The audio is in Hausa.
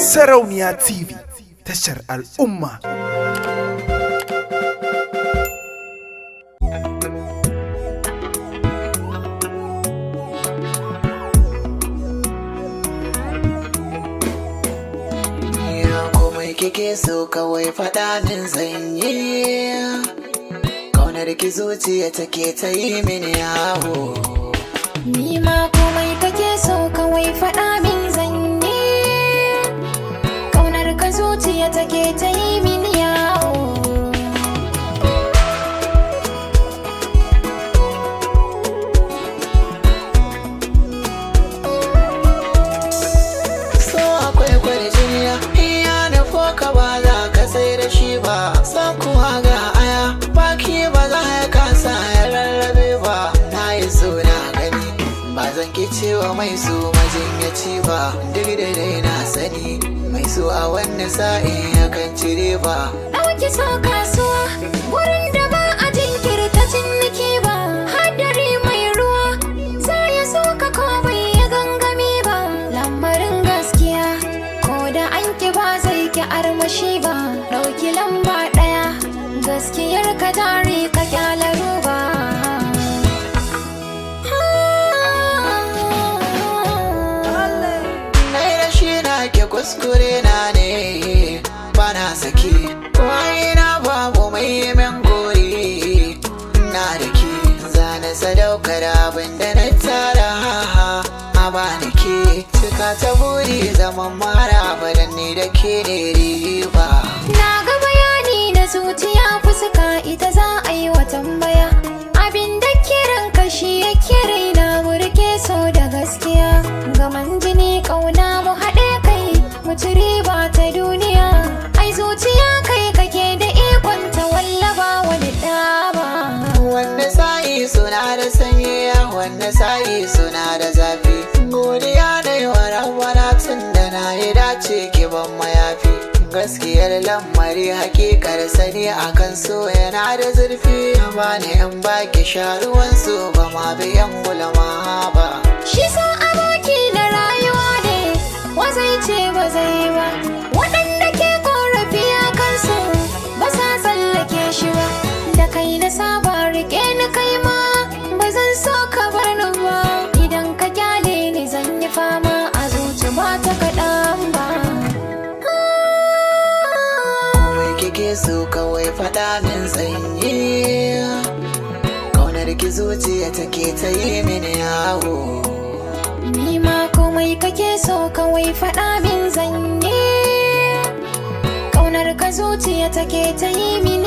Sarauniya TV tashar al'umma. Ya komai Kike so kawai faɗa min zanyi, kaunar ki zuciya take ta yi mini yawo. 不羁也自由。ba zan ke cewa mai su majin ya ci ba duk da dai na sani mai su a wannan sa'in ya kan cire ba ɗauki so kasuwa wurin da ba a jinkirta nake ba hadari mai ruwa za ya so ka ko bai ya gangami ba Lambarin gaskiya ko da an ki ba zai ki armashi ba ɗauki lamba ɗaya gaskiyar ka jari ka kyalar kuskure na ne bana saki wai na babu mai min gori na da ke zane sadaukar abin da na tara a ba ke cika ta buri zaman mara badan ne da ke gaskiyar lamari hakikar sani akan so yana da zurfi ba na yan baki sharuwan su ba ma yan bulama ba shi sa aboki da rayuwa ne wazai ce ba zai ba waɗanda ke korafi a kansu ba sa tsallake shi ba da kai na saba rike ni kai ma ba zan so ka bar ba idan ka kyale ni zan yi fama a zuci ba ta kaɗan su kawai faɗa min sanyi ƙaunar ki zuciya take ta yi mini yawo ni ma komai kake so kawai faɗa min zanyi ƙaunar ka zuciya take ta yi mini